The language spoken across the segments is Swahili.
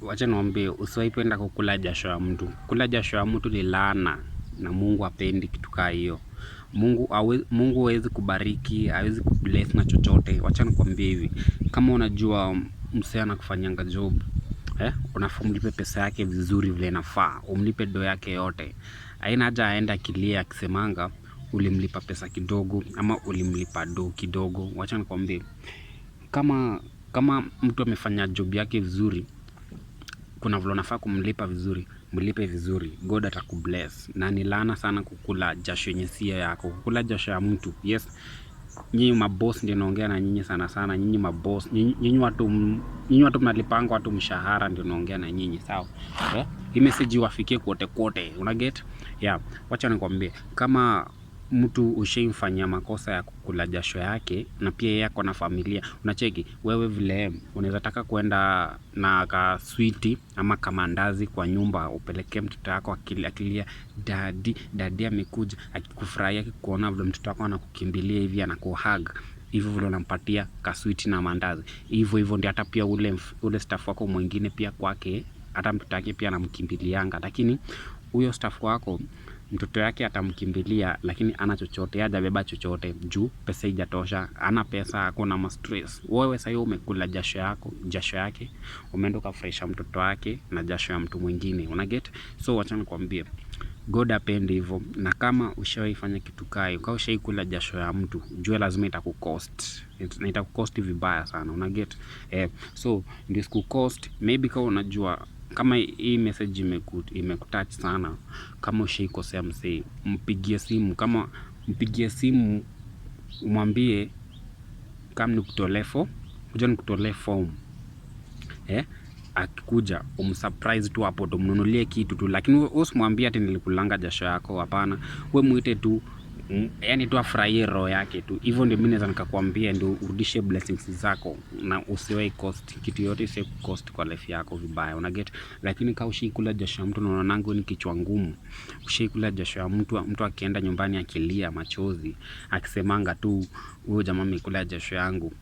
wacha niwaambie, usiwaipenda kukula jasho ya mtu. Kula jasho ya mtu ni laana, na Mungu apendi kitu kaa hiyo. Mungu awe, Mungu hawezi kubariki, hawezi kubless na chochote. Wacha nikwambie hivi, kama unajua msee anakufanyanga job eh, unafaa umlipe pesa yake vizuri vile inafaa, umlipe do yake yote. Haina haja aenda akilia akisemanga ulimlipa pesa kidogo ama ulimlipa do kidogo. Wacha nikwambie, kama kama mtu amefanya job yake vizuri kuna vile unafaa kumlipa vizuri, mlipe vizuri, God atakubless. Na ni laana sana kukula jasho yenye sia yako, kukula jasho ya mtu. Yes, nyinyi maboss ndio naongea na nyinyi sana sana, nyinyi maboss, nyinyi watu, nyinyi watu mnalipanga watu mshahara, ndio naongea na nyinyi sawa, okay? Eh? Hii message iwafikie kote kote, una get yeah. Wacha nikwambie kama mtu ushaimfanyia makosa ya kukula jasho yake na pia yeye ako na familia. Unacheki wewe vile unaweza taka kwenda na kaswiti ama kamandazi kwa nyumba upelekee mtoto wako, akilia dadi dadi amekuja, akikufurahia, akikuona vile mtoto wako anakukimbilia hivi anakuhug hivyo vile unampatia kaswiti na mandazi hivyo hivyo, ndio hata pia ule, ule staff wako mwingine pia kwake hata mtoto wake pia anamkimbilianga, lakini huyo staff wako mtoto yake atamkimbilia, lakini ana chochote, hajabeba chochote juu pesa ijatosha, ana pesa, ako na stress. Wewe sasa hiyo umekula jasho yako, jasho yake, umeenda ukafurahisha mtoto wake na jasho ya mtu mwingine, una get? So acha nikwambie God apende hivyo, na kama ushaifanya kitu kai ukao ushaikula jasho ya mtu, jua lazima itakukost na itakukost vibaya sana, una get eh? So ndio siku cost maybe, kama unajua kama hii message imekut, imekutouch sana, kama ushaikosea msee, mpigie simu. Kama mpigie simu umwambie kama nikutolee form, kuja nikutolee form eh? Akikuja umsurprise tu hapo, tumnunulie kitu tu, lakini usimwambie ati nilikulanga jasho yako. Hapana, wewe mwite tu mm. Yani tu afurahie roho yake tu, hivyo ndio mimi naweza nikakwambia, ndio urudishe blessings zako na usiwai cost kitu yote, sio cost kwa life yako vibaya, una get. Lakini kama ushikula jasho ya mtu, unaona nangu ni kichwa ngumu, ushikula jasho ya mtu, mtu akienda nyumbani akilia machozi akisemanga tu huyo jamaa amekula jasho yangu,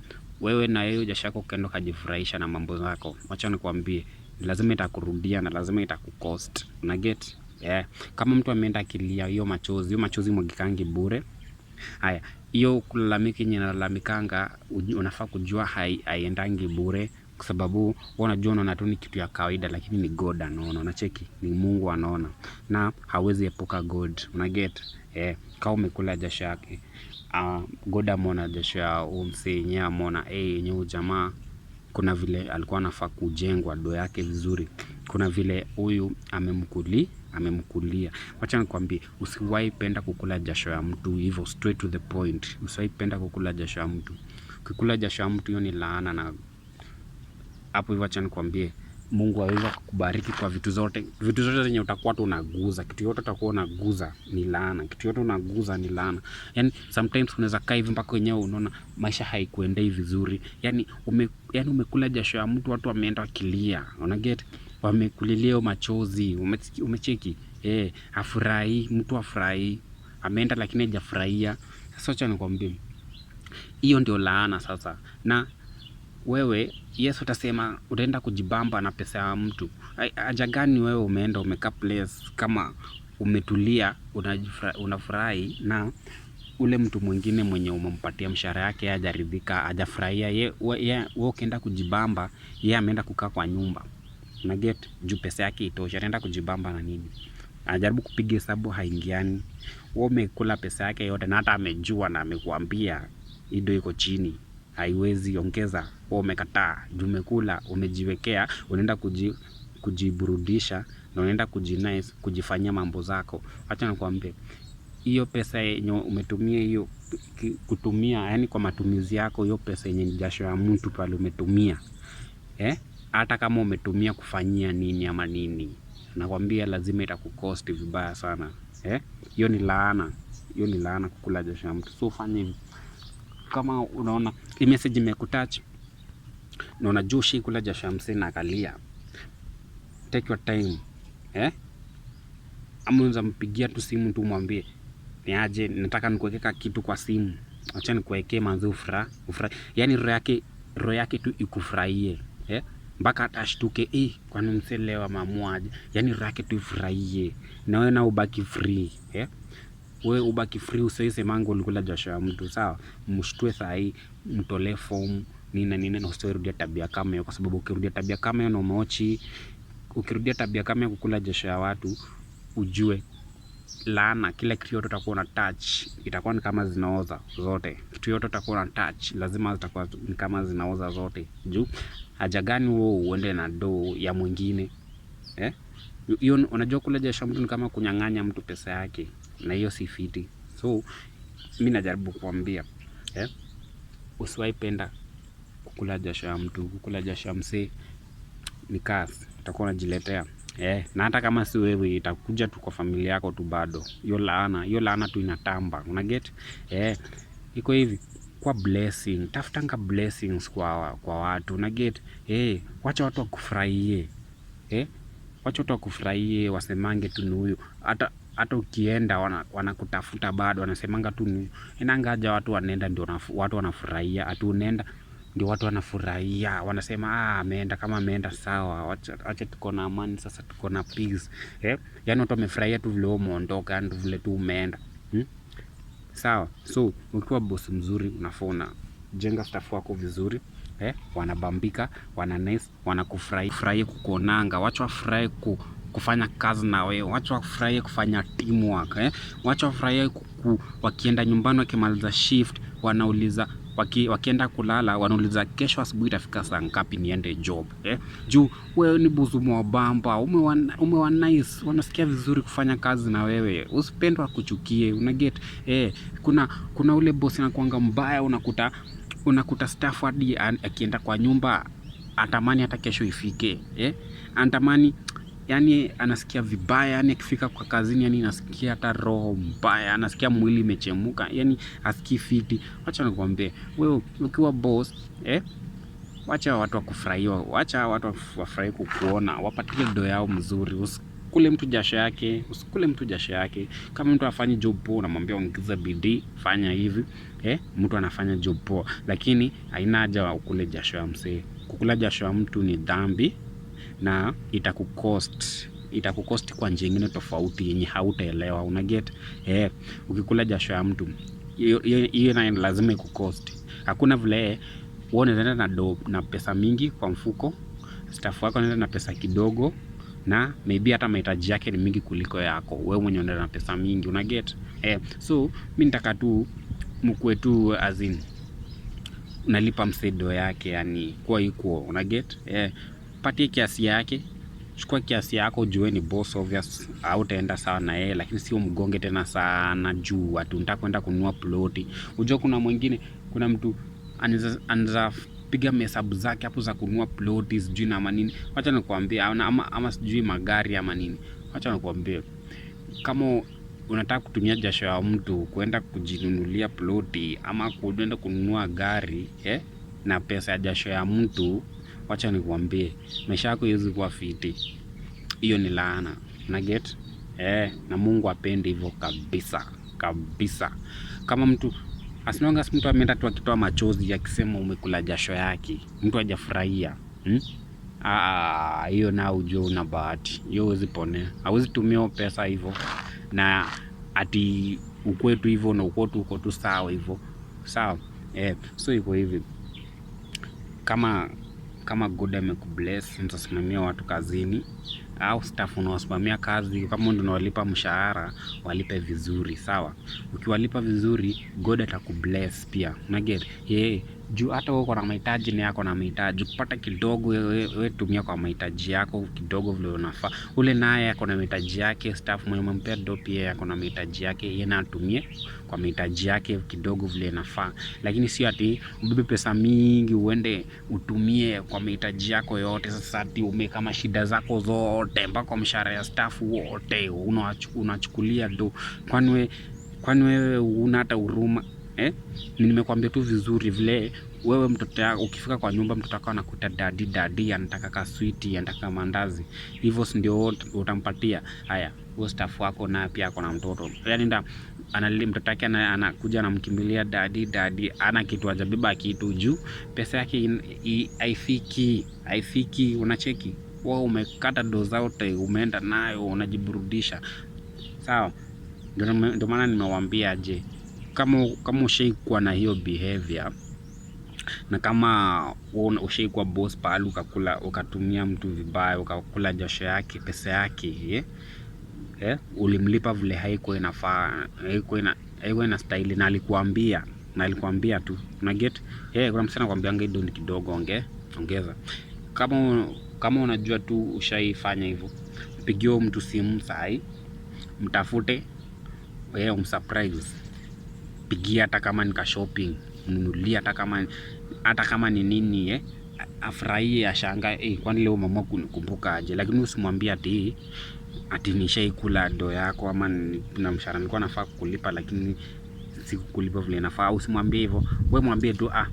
wewe na yeye jasho yako ukaenda ukajifurahisha na mambo yako, acha nikwambie, lazima itakurudia na lazima itakukost, una get yeah. Kama mtu ameenda akilia hiyo machozi, hiyo machozi mwagikangi bure. Haya, hiyo kulalamika yenye nalalamikanga, unafaa kujua haiendangi hai bure kwa sababu wewe unajua unaona tu ni kitu ya kawaida, lakini ni God anaona. Unacheki, ni Mungu anaona na hawezi epuka God, una get eh? Kama umekula jasho yake, uh, God amona jasho ya umsi yenyewe, amona eh, hey, yenyewe jamaa, kuna vile alikuwa anafaa kujengwa do yake vizuri, kuna vile huyu amemkuli amemkulia. Wacha nikwambie, usiwahi penda kukula jasho ya mtu hivyo, straight to the point. Usiwahi penda kukula jasho ya mtu. Ukikula jasho ya mtu, hiyo ni laana. Na hapo hivyo, wacha nikwambie, Mungu aweza kukubariki kwa vitu zote, vitu zote zenye utakuwa tu unaguza. Kitu yote utakuwa unaguza ni laana, kitu yote unaguza ni laana. Yani sometimes unaweza kaa hivi mpaka wenyewe unaona maisha haikuendei vizuri, yani ume, yani umekula jasho ya mtu, watu wameenda wakilia, unaget wamekulilia machozi, umecheki eh, afurahi mtu afurahi, ameenda lakini hajafurahia. Sasa acha nikwambie, hiyo ndio laana sasa. Na wewe Yesu utasema utaenda kujibamba na pesa ya mtu. Haja gani wewe umeenda umekaa place kama umetulia, unafurahi na ule mtu mwingine mwenye umempatia mshahara yake hajaridhika, hajafurahia, wewe ukienda kujibamba, yeye ameenda kukaa kwa nyumba. Una get juu pesa yake itosha, anaenda kujibamba na nini? Anajaribu kupiga hesabu haingiani. Wewe umekula pesa yake yote, na hata amejua na amekuambia ido iko chini, haiwezi ongeza. Wewe umekataa juu umekula, umejiwekea, unaenda kuji, kujiburudisha na unaenda kujinice, kujifanyia mambo zako. Acha nikwambie hiyo pesa yenye umetumia hiyo kutumia, yani kwa matumizi yako, hiyo pesa yenye jasho ya mtu pale umetumia eh? hata kama umetumia kufanyia nini ama nini, nakwambia lazima itakukosti vibaya sana eh? hiyo Ni laana hiyo, ni laana kukula jasho ya mtu. So fanye kama unaona hii message imekutouch na unajua kula jasho ya msee na akalia, take your time eh? Ama unaweza mpigia tu simu tu mwambie ni aje, nataka nikuwekeka kitu kwa simu, acha nikuwekee manzi ufurahi, ufurahi, yaani roho yake roho yake tu ikufurahie mpaka atashtuke, eh, kwani mselewa mamuaje? Yani rake tu ifurahie na wewe na ubaki free eh? Wewe ubaki free, usioisemangu ulikula jasho ya mtu sawa. Mshtue saa hii, mtolee fomu nina nina, na usiorudia tabia kama hiyo, kwa sababu ukirudia tabia kama hiyo na umeochi, ukirudia tabia kama hiyo kukula jasho ya watu, ujue laana, kila kitu yote utakuwa na touch itakuwa ni kama zinaoza zote. Kitu yote utakuwa na touch, lazima zitakuwa ni kama zinaoza zote juu haja gani wewe uende na doo ya mwingine eh? Hiyo unajua kule jasho mtu ni kama kunyang'anya mtu pesa yake, na hiyo si fiti. So mimi najaribu kuambia eh, usiwahi penda kukula jasho ya mtu. Kukula jasho ya msee ni kazi, utakuwa unajiletea eh, na hata kama si wewe itakuja tu kwa familia yako tu, bado hiyo laana, hiyo laana tu inatamba, una get eh, iko hivi kwa blessing, tafutanga blessings kwa, kwa watu na get hey, eh, wacha watu wakufurahie hey, eh, wacha watu wakufurahie, wasemange tu ni huyu. Hata hata ukienda wanakutafuta wana bado wanasemanga tu ni inangaja, watu wanaenda ndio watu wanafurahia, ati unaenda ndio watu wanafurahia, wanasema ah, ameenda kama ameenda sawa, acha tuko na amani sasa, tuko na peace eh, yani watu wamefurahia tu vile umeondoka, ndio yaani vile tu umeenda hmm? sawa. So ukiwa bosi mzuri unafaa unajenga staff wako vizuri eh, wanabambika, wana nice, wanakufurahia kukuonanga, wacha wafurahi ku kufanya kazi na wewe, wacha wafurahie kufanya teamwork eh, wacha wafurahie wakienda nyumbani wakimaliza shift wanauliza waki, wakienda kulala wanauliza kesho asubuhi itafika saa ngapi niende job eh? Juu wewe ni buzumu wa bamba, ume wa nice, wanasikia vizuri kufanya kazi na wewe, usipendwa kuchukie, una get eh. Kuna kuna ule bosi anakuanga mbaya, unakuta unakuta staff hadi akienda kwa nyumba atamani hata kesho ifike eh? Anatamani yani anasikia vibaya, yani akifika kwa kazini, yani anasikia hata roho mbaya, anasikia mwili imechemuka, yani asikii fiti. Wacha nikwambie wewe, ukiwa boss eh, wacha watu wakufurahia, wacha watu wafurahie kukuona, wapatie do yao mzuri, Usikule mtu jasho yake, usikule mtu jasho yake. Kama mtu afanye job poa, unamwambia ongeza bidii, fanya hivi eh, mtu anafanya job poa, lakini haina haja ukule jasho ya msee. Kukula jasho ya mtu ni dhambi na itakukost itakukosti kwa njia ingine tofauti yenye hautaelewa, una get eh. Ukikula jasho ya mtu hiyo nayo lazima ikukost. Hakuna vile wewe unaenda na do, na pesa mingi kwa mfuko, staff wako anaenda na pesa kidogo, na maybe hata mahitaji yake ni mingi kuliko yako wewe mwenye unaenda na pesa mingi, una get eh. So mimi nitaka tu mkuwe tu as in unalipa msedo yake, yani kwa equal, una get eh patie kiasi yake, chukua kiasi yako, jue ni boss obvious, au utaenda sawa na yeye, lakini sio mgonge tena sana juu watu nataka kwenda kununua ploti. Unajua kuna mwingine, kuna mtu anaweza piga mahesabu zake hapo za kununua ploti sijui na manini. Wacha nikwambie, ama, ama sijui magari ama nini. Wacha nikwambie kama unataka kutumia jasho ya mtu kwenda kujinunulia ploti ama kuenda kununua gari eh, na pesa ya jasho ya mtu wacha nikuambie, maisha yako haiwezi kuwa fiti. Hiyo ni laana na get eh, na Mungu apende hivyo kabisa kabisa. Kama mtu asinonga, si mtu ameenda tu akitoa machozi akisema umekula jasho yake, mtu hajafurahia hmm? Ah, hiyo na ujua una bahati hiyo, huwezi ponea, hawezi tumia pesa hivyo na ati ukwetu hivyo na ukwetu uko tu sawa hivyo sawa. Eh, so iko hivi kama kama God amekubless, mtasimamia watu kazini au staff unaosimamia kazi, kama ndio unawalipa mshahara, walipe vizuri sawa. Ukiwalipa vizuri, God atakubless pia. Unaget? Yeah juu hata uko na mahitaji na yako na mahitaji, kupata kidogo wewe tumia kwa mahitaji yako kidogo vile unafaa. Ule naye ako na mahitaji yake, staff mwenye umempea do pia ako na mahitaji yake, yeye na atumie kwa mahitaji yake kidogo vile inafaa, lakini sio ati ubebe pesa mingi uende utumie kwa mahitaji yako yote. Sasa ati ume kama shida zako zote mpaka mshahara ya staff wote unachukulia do, kwani wewe kwani wewe una hata huruma? eh? Nimekwambia tu vizuri vile wewe mtoto yako ukifika kwa nyumba mtoto wako anakuta dadi dadi, anataka ka sweet anataka mandazi, hivyo ndio utampatia? Haya, huo staff wako na pia ako na mtoto, yani nda analili mtoto wake, anakuja anamkimbilia dadi dadi, ana kitu ajabeba kitu juu pesa yake haifiki, haifiki. Unacheki wewe, umekata doza zote umeenda nayo unajiburudisha, sawa? Ndio maana nimewambia je kama, kama ushaikuwa na hiyo behavior na kama ushaikuwa boss pahali ukakula ukatumia mtu vibaya ukakula jasho yake pesa yake eh? Eh? ulimlipa vile haiko inafaa haiko ina haiko ina style na alikuambia na alikuambia tu una get eh, yeah, kuna msana kwambia hii don kidogo onge ongeza kama kama unajua tu ushaifanya hivyo mpigie mtu simu sai mtafute eh, umsurprise nikampigia hata kama nika shopping, mnunulie hata kama hata kama ni nini eh, afurahie ashanga eh, kwani leo mama kunikumbuka aje? Lakini usimwambie ati ati nishaikula do yako ama na mshahara nilikuwa nafaa kukulipa lakini sikukulipa vile nafaa. Usimwambie hivyo, wewe mwambie tu ah,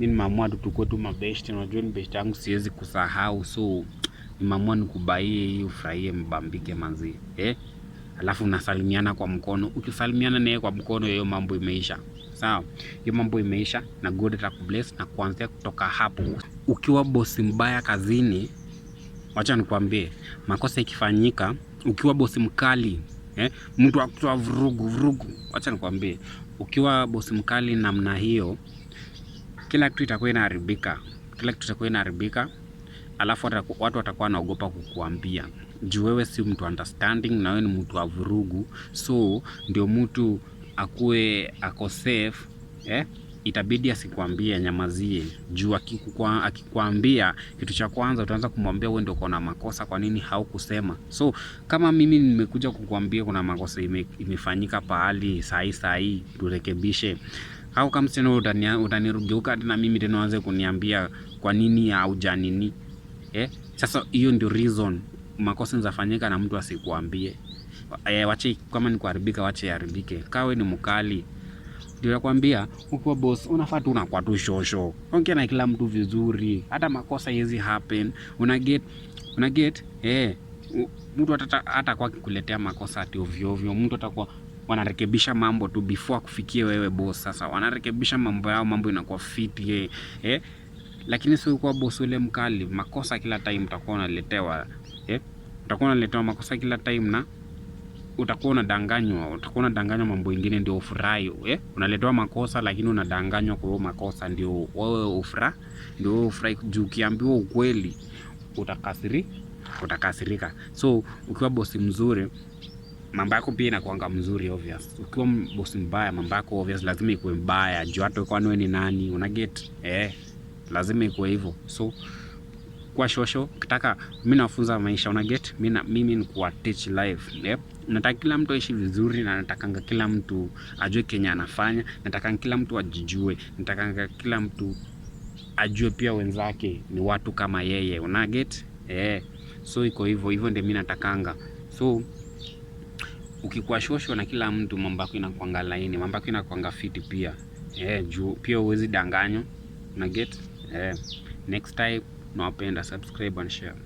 mimi nimeamua tu tukue tu mabest, unajua ni best yangu, siwezi kusahau, so nimeamua nikubaie hii, ufurahie Mbambike manzi eh alafu unasalimiana kwa mkono. Ukisalimiana naye kwa mkono, hiyo mambo imeisha. Sawa, hiyo mambo imeisha na God atakubless. Na kuanzia kutoka hapo, ukiwa bosi mbaya kazini, wacha nikwambie, makosa ikifanyika, ukiwa bosi mkali eh, mtu akutoa vurugu vurugu, wacha nikwambie, ukiwa bosi mkali namna hiyo, kila kitu itakuwa inaharibika, kila kitu itakuwa inaharibika, alafu watu watakuwa wanaogopa kukuambia juu wewe si mtu understanding na wewe ni mtu wa vurugu, so ndio mtu akuwe ako safe eh? Itabidi asikwambie nyamazie, juu akikwambia kitu cha kwanza utaanza kumwambia wewe ndio kuna makosa, kwa nini haukusema? So kama mimi nimekuja kukwambia kuna makosa ime, imefanyika pahali sahi sahi, turekebishe au kama tena utani, utanirugeuka tena mimi tena uanze kuniambia kwa nini haujanini eh? Sasa hiyo ndio reason makosa nzafanyika na mtu asikuambie. E, eh, wache kama ni kuharibika, wache yaharibike. Kawe ni mkali ndio nakwambia, ukiwa boss unafaa tu unakuwa tu shosho, ongea na kila mtu vizuri, hata makosa hizi happen. Una get una get eh, mtu hata hata kwa kukuletea makosa ati ovyo ovyo, mtu atakuwa wanarekebisha mambo tu before akufikie wewe boss. Sasa wanarekebisha mambo yao, mambo inakuwa fit eh, eh. Lakini sio kwa boss ule mkali, makosa kila time utakuwa unaletewa utakuwa unaletewa makosa kila time na utakuwa unadanganywa, utakuwa unadanganywa mambo ingine ndio ufurahi eh? Unaletewa makosa lakini unadanganywa kwa makosa, ndio wewe ufurahi, ndio wewe ufurahi juu ukiambiwa ukweli utakasiri, utakasirika. So ukiwa bosi mzuri mambo yako pia inakuanga mzuri obvious. Ukiwa bosi mbaya mambo yako obvious lazima ikuwe mbaya, juu hata kwani wewe ni nani, una get eh, lazima ikuwe hivyo so kwa shosho, kitaka mimi nafunza maisha una get mimi mimi ni kwa teach life yep. Nataka kila mtu aishi vizuri na natakanga kila mtu ajue Kenya anafanya, natakanga kila mtu ajijue, natakanga kila mtu ajue pia wenzake ni watu kama yeye una get eh. So iko hivyo hivyo ndio mimi natakanga so ukikuwa shosho na kila mtu mambo yako inakuanga laini, mambo yako inakuanga fiti pia eh, juu pia uwezi danganyo una get eh, next time Nawapenda, subscribe and share.